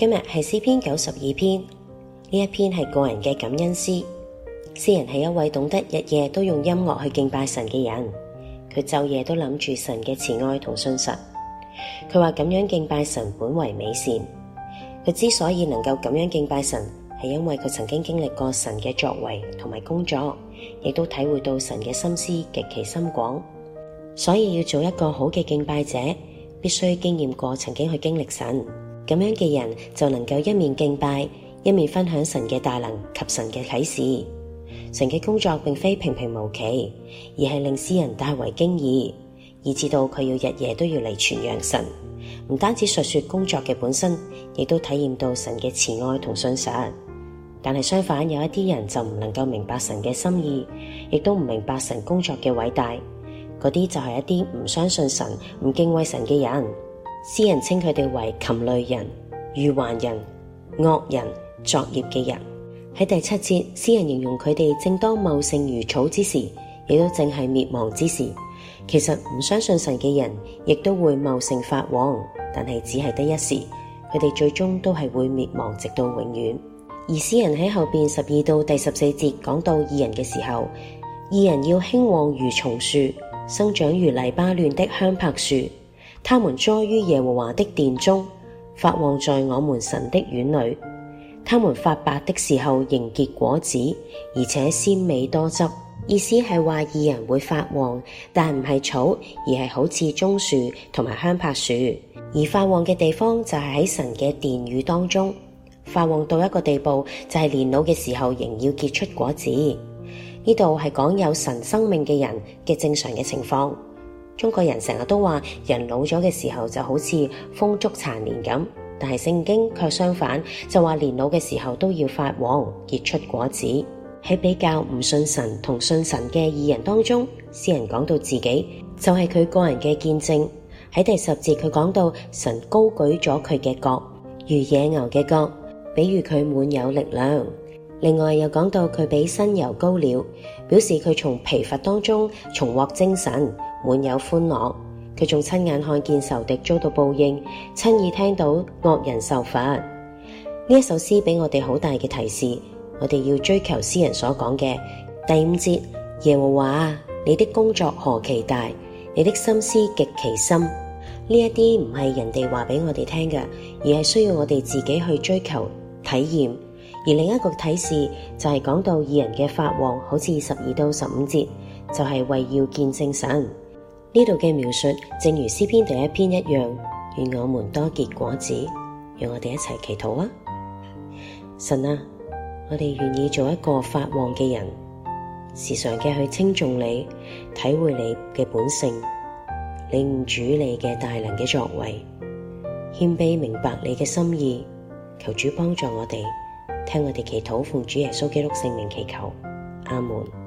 今日係詩篇九十二篇，呢一篇係個人嘅感恩詩。詩人係一位懂得日夜都用音樂去敬拜神嘅人，佢晝夜都諗住神嘅慈愛同信實。佢話咁樣敬拜神本為美善。佢之所以能夠咁樣敬拜神，係因為佢曾經經歷過神嘅作為同埋工作，亦都體會到神嘅心思極其深廣。所以要做一個好嘅敬拜者，必須經驗過曾經去經歷神。咁樣嘅人就能夠一面敬拜，一面分享神嘅大能及神嘅啟示。神嘅工作並非平平無奇，而係令詩人大為驚異，以至到佢要日夜都要嚟傳揚神。唔單止述說工作嘅本身，亦都體驗到神嘅慈愛同信實。但係相反，有一啲人就唔能夠明白神嘅心意，亦都唔明白神工作嘅偉大。嗰啲就係一啲唔相信神、唔敬畏神嘅人。詩人稱佢哋為禽類人、愚頑人、惡人、作孽嘅人。喺第七節，詩人形容佢哋正當茂盛如草之時，亦都正係滅亡之時。其實唔相信神嘅人，亦都會茂盛發旺，但係只係得一時，佢哋最終都係會滅亡，直到永遠。而詩人喺後面十二到第十四節講到義人嘅時候，義人要興旺如松樹，生長如黎巴嫩的香柏樹。他們栽於耶和華的殿中，發旺在我們神的院裏。他們髮白的時候仍結果子，而且鮮美多汁。意思係話義人會發旺，但唔係草，而係好似棕樹同埋香柏樹。而發旺嘅地方就係喺神嘅殿宇當中，發旺到一個地步，就係年老嘅時候仍要結出果子。呢度係講有神生命嘅人嘅正常嘅情況。中國人成日都話人老咗嘅時候就好似風燭殘年咁，但係聖經卻相反，就話年老嘅時候都要發旺，結出果子。喺比較唔信神同信神嘅二人當中，詩人講到自己就係佢個人嘅見證。喺第十節佢講到神高舉咗佢嘅角，如野牛嘅角，比喻佢滿有力量。另外又講到佢比新油膏了，表示佢從疲乏當中重獲精神，滿有歡樂。佢仲親眼看見仇敵遭到報應，親耳聽到惡人受罰。呢一首詩俾我哋好大嘅提示，我哋要追求詩人所講嘅第五節：耶和華啊，你的工作何其大，你的心思極其深。呢一啲唔係人哋話俾我哋聽嘅，而係需要我哋自己去追求體驗。而另一個提示就係講到義人嘅發旺好似十二到十五節，就係、是、為要見證神。呢度嘅描述正如詩篇第一篇一樣，願我們多結果子，讓我哋一齊祈禱啊！神啊，我哋願意做一個發旺嘅人，時常嘅去稱頌你，體會你嘅本性，領悟主你嘅大能嘅作為，謙卑明白你嘅心意，求主幫助我哋。聽我哋祈禱，奉主耶穌基督聖名祈求，阿門。